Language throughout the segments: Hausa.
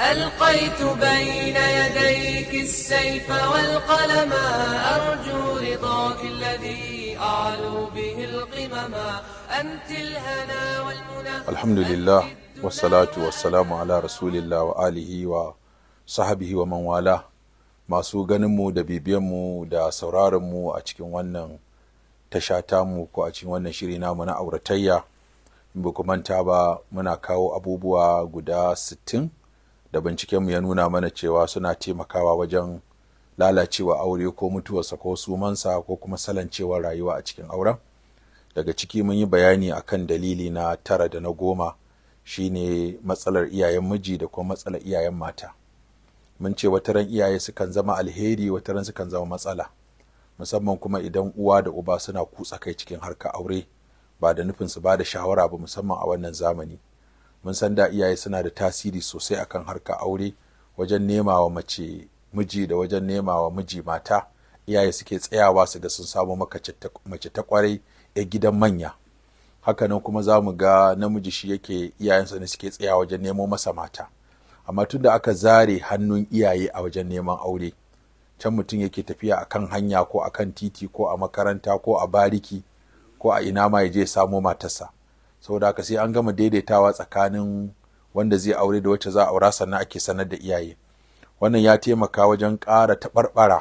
ألقيت بين يديك السيف والقلم أرجو رضاك الذي أعلو به القمم أنت الهنا والمنى الحمد لله والصلاة والسلام على رسول الله وآله وصحبه ومن والاه masu ganinmu da bibiyanmu da sauraronmu a cikin wannan tasha tamu ko a cikin wannan shiri namu na auratayya in ba ku manta ba muna kawo abubuwa guda sittin da bincikenmu ya nuna mana cewa suna taimakawa wajen lalacewa aure ko mutuwarsa ko sumansa ko kuma salancewar rayuwa a cikin auren daga ciki mun yi bayani a kan dalili na tara da na goma shine matsalar iyayen miji da kuma matsalar iyayen mata mun ce wataran iyaye sukan zama alheri wataran sukan zama matsala musamman kuma idan uwa da uba suna kutsa kai cikin harkar aure ba da nufin su ba da shawara ba musamman a wannan zamani mun san da iyaye suna da tasiri sosai akan harka aure wajen nema wa mace miji da wajen nema wa miji mata iyaye suke tsayawa su ga sun samu mace ta kwarai a gidan manya hakanan kuma za mu ga namiji shi yake iyayensa ne suke tsayawa wajen nemo masa mata amma tun da aka zare hannun iyaye a wajen neman aure can mutum yake tafiya a kan hanya ko a kan titi ko a makaranta ko a bariki ko a ina ma ya je samo matarsa saboda haka sai an gama daidaitawa tsakanin wanda zai aure da wacce za a aura sannan ake sanar da iyaye wannan ya taimaka wajen ƙara taɓarɓara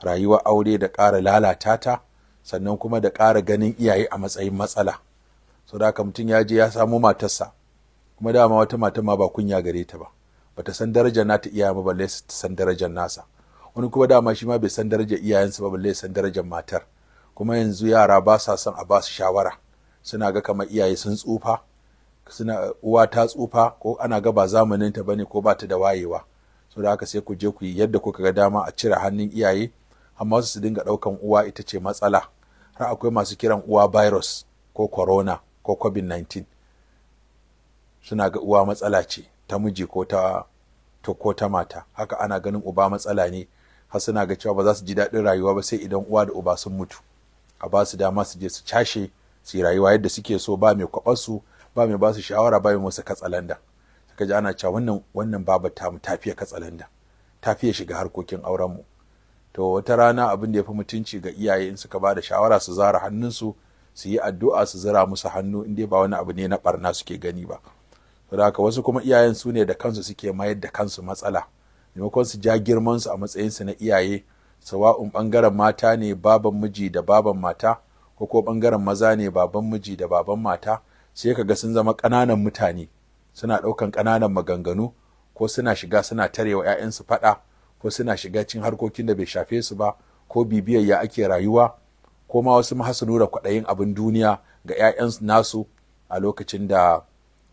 rayuwar aure da ƙara lalata ta sannan kuma da ƙara ganin iyaye a matsayin matsala saboda haka mutum ya je ya samo matarsa kuma dama wata mata ma ba kunya gare ta ba bata san darajar nata iyaye ba balle ta san darajar nasa wani kuma dama shi ma bai san darajar iyayensa ba balle san darajar matar kuma yanzu yara ba sa son a ba su shawara suna ga kamar iyaye sun tsufa suna uwa ta tsufa ko ana ga ba zamanin zamaninta bane ko ba ta da wayewa so da haka sai ku je ku yi yadda kuka ga dama a cire hannun iyaye amma su dinga ɗaukan uwa ita ce matsala har akwai masu kiran uwa virus ko corona ko covid-19 suna ga uwa matsala ce ta miji ko ta to ko ta mata haka ana ganin uba matsala ne har suna ga cewa ba za su ji daɗin rayuwa ba sai idan uwa da uba sun mutu a ba su dama su je su cashe su rayuwa yadda suke so ba mai kwabar su ba mai ba su shawara ba mai musu katsalanda suka ji ana cewa wannan wannan baba ta mu tafiya katsalanda tafiya shiga harkokin auren mu to wata rana abin da ya fi mutunci ga iyaye in suka ba da shawara su zara hannun su yi addu'a su zira musu hannu in dai ba wani abu ne na barna suke gani ba saboda haka wasu kuma iyayen su ne da kansu suke mayar da kansu matsala maimakon su ja girman su a matsayin su na iyaye sawa'un bangaren mata ne baban miji da baban mata ko ko bangaren maza ne baban miji da baban mata sai ka ga sun zama ƙananan mutane suna ɗaukan ƙananan maganganu ko suna shiga suna tarewa 'ya'yansu faɗa ko suna shiga cin harkokin da bai shafe su ba ko bibiyar ya ake rayuwa ko ma wasu ma su nura kwaɗayin abin duniya ga 'ya'yan nasu a lokacin da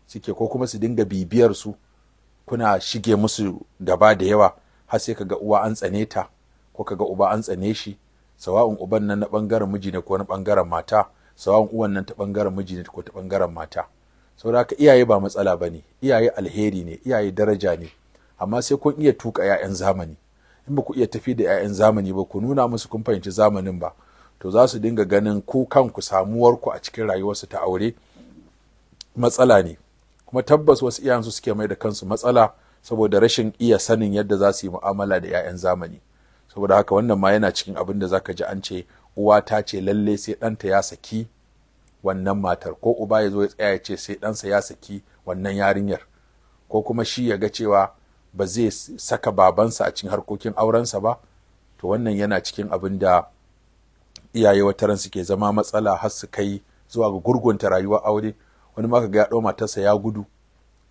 suke ko kuma su dinga bibiyar su kuna shige musu gaba da yawa har sai kaga uwa an tsane ta ko kaga uba an tsane shi sawa'un uban nan na bangaren miji ne ko na bangaren mata sawa'un uwan nan ta bangaren miji ne ko ta bangaren mata saboda haka iyaye ba matsala ba ne iyaye alheri ne iyaye daraja ne amma sai kun iya tuka 'ya'yan zamani in ba ku iya tafi da 'ya'yan zamani ba ku nuna musu kun fahimci zamanin ba to za su dinga ganin ku kanku samuwarku a cikin rayuwarsu ta aure matsala ne kuma tabbas wasu iyayensu suke mai da kansu matsala saboda rashin iya sanin yadda za su yi mu'amala da 'ya'yan zamani saboda haka wannan ma yana cikin abin da zaka ji an ce uwa ta ce lalle sai ɗanta ya saki wannan matar ko uba ya zo ya tsaya ya ce sai ɗansa ya saki wannan yarinyar ko kuma shi ya ga cewa ba zai saka babansa a cikin harkokin aurensa ba to wannan yana cikin abin da iyaye wataran suke zama matsala har su kai zuwa ga gurgunta rayuwar aure wani ma ga ya ɗau matarsa ya gudu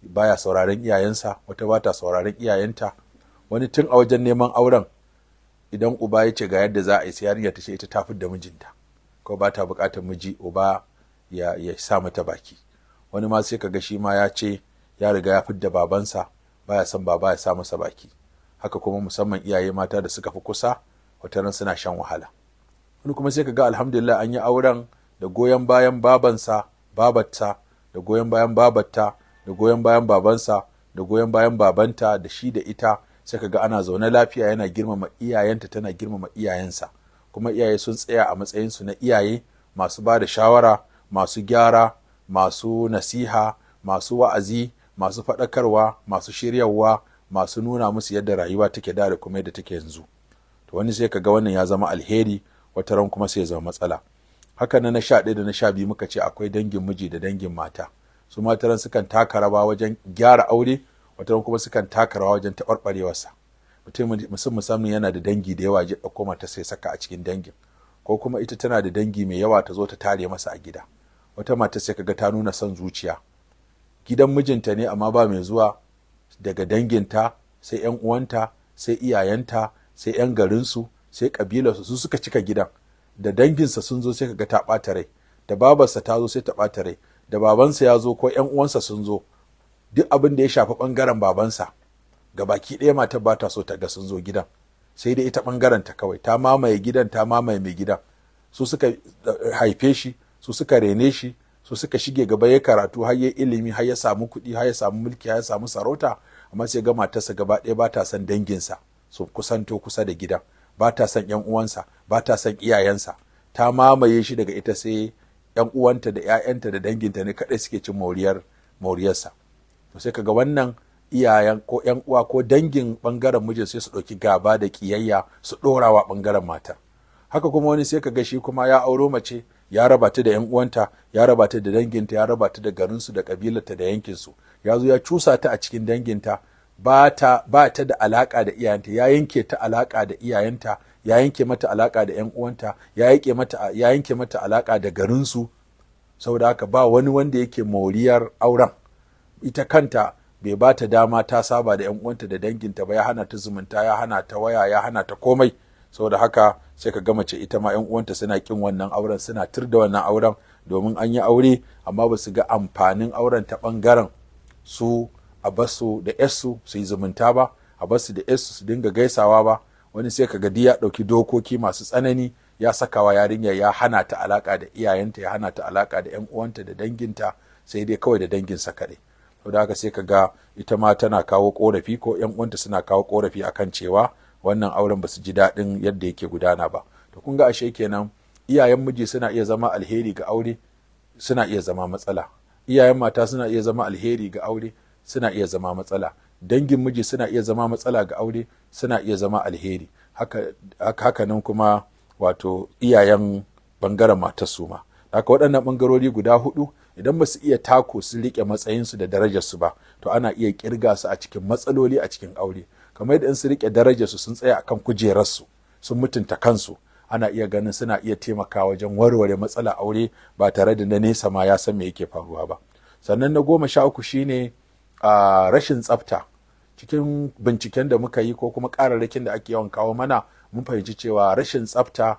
baya sauraron iyayensa wata bata sauraren sauraron iyayenta wani tun a wajen neman auren idan uba ya ce ga yadda za a yi sai yarinya ta ce ita ta da mijinta ko ba ta buƙatar miji uba ya, sa mata baki wani ma sai kaga shi ma ya ce ya riga ya fidda babansa baya son baba ya sa masa baki haka kuma musamman iyaye mata da suka fi kusa wataran suna shan wahala wani kuma sai kaga alhamdulillah an yi auren da goyon bayan babansa babatta da goyon bayan babatta da goyon bayan babansa da goyon bayan babanta da shi da ita sai kaga ana zaune lafiya yana girmama iyayenta tana girmama iyayensa kuma iyaye sun tsaya a matsayinsu na iyaye masu ba da shawara masu gyara masu nasiha masu wa'azi masu faɗakarwa masu shiryawa masu nuna musu yadda rayuwa take da kuma yadda take yanzu to wani sai kaga wannan ya zama alheri wata ran kuma sai ya zama matsala haka na na sha ɗaya da na sha biyu muka ce akwai dangin miji da dangin mata su mataran sukan taka rawa wajen gyara aure wata kuma sukan taka rawa wajen taɓarɓarewarsa mutum musamman yana da dangi da yawa ya koma mata sai saka a cikin dangin ko kuma ita tana da dangi mai yawa ta zo ta tare masa a gida wata mata sai kaga ta nuna son zuciya gidan mijinta ne amma ba mai zuwa daga danginta sai yan uwanta sai iyayenta sai yan garinsu sai ƙabilarsu, su suka cika gidan da danginsa sun zo sai kaga ta ɓata rai da babarsa ta zo sai ta ɓata rai da babansa ya zo ko yan uwansa sun zo duk abin da ya shafi bangaren babansa ga baki ɗaya matar ba ta so ta ga sun zo gidan sai dai ita bangaren ta kawai ta mamaye gidan ta mamaye mai gidan su suka eh, haife shi su suka rene shi su suka shige gaba ya karatu har ya ilimi har ya samu kuɗi har ya samu mulki har ya samu sarauta amma sai ga matarsa gaba ɗaya ba ta son danginsa su kusanto kusa da gidan ba ta son ƴan uwansa ba ta son iyayensa ta mamaye shi daga ita sai 'yan uwanta da 'ya'yanta da danginta ne kaɗai suke cin moriyar moriyarsa to sai kaga wannan iyayen ko yan uwa ko dangin bangaren mijin sai su ɗauki gaba da ƙiyayya su ɗorawa bangaren mata haka kuma wani sai kaga shi kuma ya auro mace ya raba ta da yan uwanta ya raba da danginta ya raba ta da garinsu da kabilarta da yankinsu ya zo ya cusa ta a cikin danginta ba ta ba ta da alaka da iyayenta ya yanke ta alaka da iyayenta ya yanke mata alaka da yan uwanta ya yanke mata ya yanke mata alaka da garinsu saboda haka ba wani wanda yake moriyar auren ita kanta bai ba ta dama ta saba da 'yan uwanta da danginta ba ya hana ta zumunta ya hana ta waya ya hana ta komai saboda haka sai ka ga mace ita ma 'yan uwanta suna kin wannan auren suna tur da wannan auren domin an yi aure amma ba su ga amfanin auren ta bangaren su a basu da yarsu su yi zumunta ba a basu da yarsu su dinga gaisawa ba wani sai ka ga ya ɗauki dokoki masu tsanani ya sakawa yarinya ya hana ta alaka da iyayenta ya hana ta alaka da 'yan uwanta da danginta sai dai kawai da danginsa kaɗai to da haka sai ka ga ita ma tana kawo korafi ko yan uwanta suna kawo korafi kan cewa wannan auren ba su ji daɗin yadda yake gudana ba to kun ga ashe kenan iyayen miji suna iya zama alheri ga aure suna iya zama matsala iyayen mata suna iya zama alheri ga aure suna iya zama matsala dangin miji suna iya zama matsala ga aure suna iya zama alheri haka, haka nan kuma wato iyayen bangaren matar su ma haka waɗannan bangarori guda hudu idan ba su iya tako su matsayin su da darajarsu ba to ana iya kirga su a cikin matsaloli a cikin aure kamar yadda in su riƙe darajarsu sun tsaya akan kujerarsu sun mutunta kansu ana iya ganin suna iya taimakawa wajen warware matsala aure ba tare da na nesa ma ya san me yake faruwa ba sannan na goma sha uku shine a rashin tsafta cikin binciken da muka yi ko kuma kararrakin da ake yawan kawo mana mun fahimci cewa rashin tsafta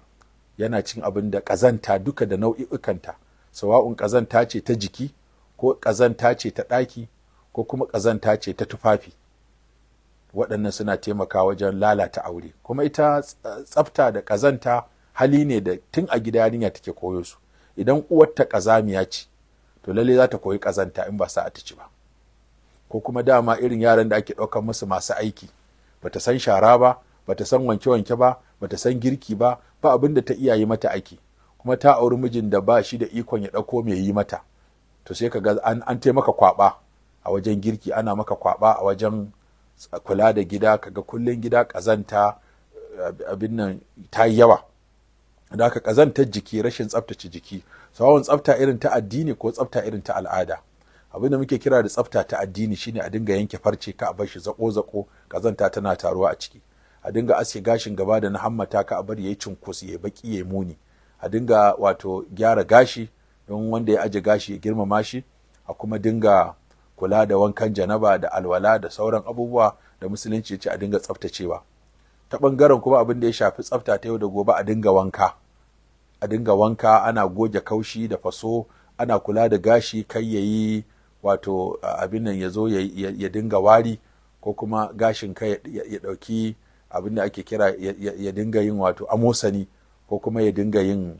yana cin abin da ƙazanta duka da nau'i'ukanta sawa'un ƙazanta ce ta jiki ko ƙazanta ce ta ɗaki ko kuma ƙazanta ce ta tufafi waɗannan suna taimaka wajen lalata aure kuma ita tsafta da ƙazanta hali ne da tun a gida yarinya take koyo su idan uwarta ƙazamiya ce to lalle za ta koyi ƙazanta in ba a ta ci ba ko kuma dama irin yaran da ake ɗaukar musu masu aiki bata san shara ba bata san wanke-wanke ba bata san girki ba ba abin da ta iyaye mata aiki kuma ta auri mijin da ba shi da ikon ya ɗauko mai yi mata to sai ka ga an, an taimaka kwaɓa a wajen girki ana maka kwaɓa a wajen kula da gida Ka ga kullum gida ƙazanta eh, abin nan ta yi yawa da aka ƙazantar jiki rashin tsaftace jiki sawon tsafta irin ta addini ko tsafta irin ta al'ada abin da muke kira da tsafta ta addini shine a dinga yanke farce ka a bar shi zako zako ƙazanta tana taruwa a ciki a dinga aske gashin gaba da na hammata ka a bar yayi cunkus yayi baki yayi muni a dinga wato gyara gashi don wanda ya aje gashi ya girmama shi a kuma dinga kula da wankan janaba da alwala da sauran abubuwa da musulunci ce a dinga tsaftacewa ta ɓangaren kuma abin da ya shafi tsafta ta yau da gobe a dinga wanka a dinga wanka ana goge kaushi da faso ana kula da gashi kai ya yi wato abin nan ya zo ya dinga wari ko kuma gashin kai ya ɗauki abin da ake kira ya dinga yin wato amosani ko kuma ya dinga yin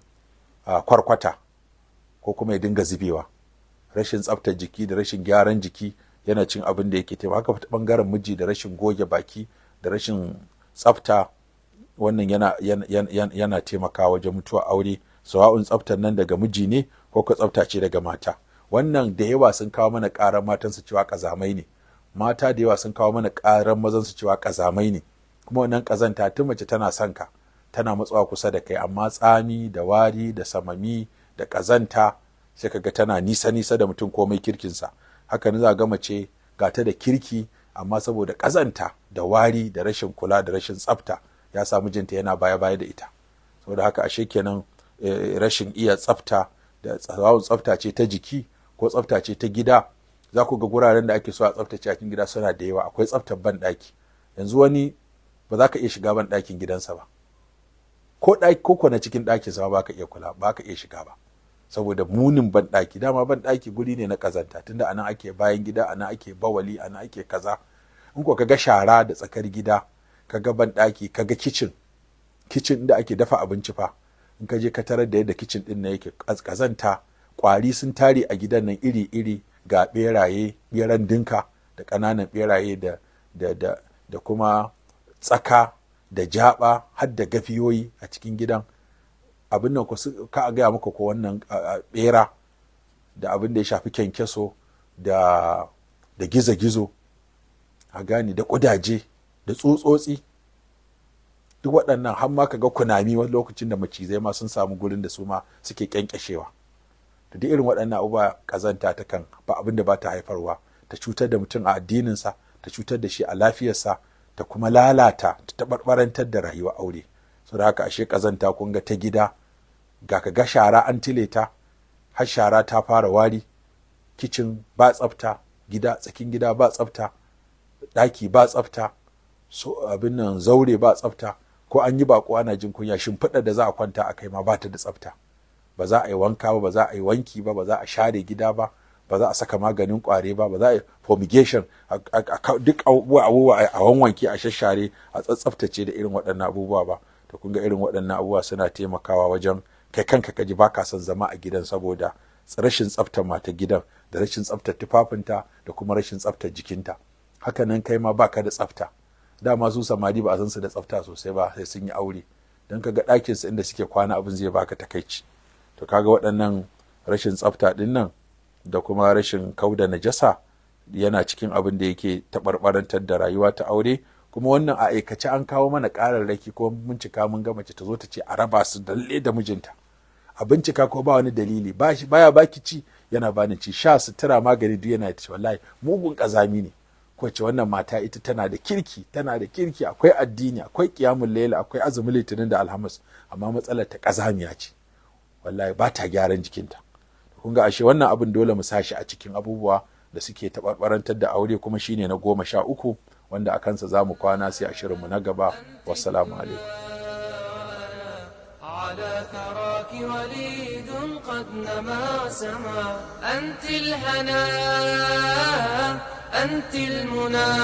ah, kwarkwata ko kuma ya dinga zubewa rashin tsaftar jiki da rashin gyaran jiki yana cin abin da yake taimaka haka bangaren miji da rashin goge baki da rashin tsafta wannan yana, yana, yana, taimakawa wajen mutuwa aure sawa'un tsaftar nan daga miji ne ko ka tsafta ce daga mata wannan da yawa sun kawo mana matan matansu cewa ƙazamai ne mata da yawa sun kawo mana mazan su cewa ƙazamai ne kuma wannan ƙazanta tun mace tana son ka tana matsawa kusa da kai amma tsami da wari da samami da ƙazanta sai ga tana nisa nisa da mutum komai kirkinsa haka ne za ga mace ga ta da kirki amma saboda ƙazanta da wari da rashin kula da rashin tsafta ya sa mijinta yana baya baya da ita saboda haka ashe kenan eh, rashin iya tsafta da tsawon tsafta ce ta jiki ko tsafta ce ta gida za ku ga guraren da ake so a tsaftace cikin gida suna da yawa akwai tsaftar ban ɗaki yanzu wani ba za ka iya shiga ban ɗakin gidansa ba ko ɗaki ko na cikin ɗakin sama baka iya kula baka iya shiga ba saboda munin ban ɗaki dama ban ɗaki guri ne na ƙazanta. tunda anan ake bayan gida anan ake bawali anan ake kaza in ko kaga shara da tsakar gida kaga ban ɗaki kaga kicin kicin inda ake dafa abinci fa in ka je ka tarar da yadda kicin din nan yake ƙazanta, kwari sun tare a gidan nan iri iri ga beraye beran dinka da ƙananan beraye da da da da kuma tsaka da jaba har da gafiyoyi a cikin gidan abin nan ka gaya maka ko wannan bera da abin da ya shafi kyankyaso da da gizo-gizo a gane da kudaje da tsutsotsi duk waɗannan har ma ga kunami wani lokacin da macizai ma sun samu gurin da su ma suke kyankyashewa da duk irin waɗannan abubuwa kazanta ta kan ba abin da ba ta haifarwa ta cutar da mutum a addininsa ta cutar da shi a lafiyarsa ta kuma lalata taɓarɓarantar da rayuwar aure so da haka ashe ƙazanta kun ga ta gida ga ka ga shara an tile ta har shara ta fara wari kicin ba tsafta gida tsakin gida ba tsafta ɗaki ba tsafta so abin nan zaure ba tsafta ko an yi bako ana jin kunya shimfiɗa da za a kwanta a kai ma ba ta da tsafta ba za a yi wanka ba ba za a yi wanki ba ba za a share gida ba ba za a saka maganin kwari ba ba za a fumigation duk abubuwa a wanwanke a shashare a tsaftace da irin waɗannan abubuwa ba to kun ga irin waɗannan abubuwa suna taimakawa wajen kai kanka ka ji baka son zama a gidan saboda rashin tsaftar mata gidan da rashin tsaftar tufafinta da kuma rashin tsaftar jikinta haka nan kai ma baka da tsafta dama su samari ba a san su da tsafta sosai ba sai sun yi aure don kaga ɗakinsu su inda suke kwana abin zai baka takaici to kaga waɗannan rashin tsafta ɗin nan da kuma rashin kauda najasa yana cikin abin da yake taɓarɓarantar da rayuwa ta aure kuma wannan a aikace an kawo mana ƙararraki ko mun cika mun ga mace ta zo ta ce a raba su dalle da mijinta a bincika ko ba wani dalili baya baki ci yana bani ci sha sutura magani duk yana ci wallahi mugun ƙazami ne ko ce wannan mata ita tana da kirki tana da kirki akwai addini akwai kiyamun laila akwai azumin litinin da alhamis amma matsalar ta kazamiya ce wallahi ba ta gyaran jikinta kun ga ashe wannan abin dole mu sashi a cikin abubuwa da suke taɓarɓarantar da aure kuma shine na goma sha uku wanda a kansa za mu kwana sai a shirinmu na gaba wassalamu alaikum على ثراك وليد قد نما سما أنت الهنا أنت المنى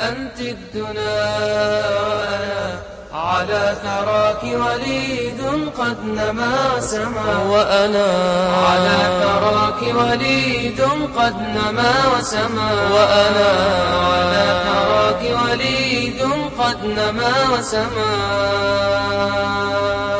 أنت الدنا وأنا على ثراك وليد قد نما سما وأنا على ثراك وليد قد نما سما وأنا على ثراك وليد قد نما سما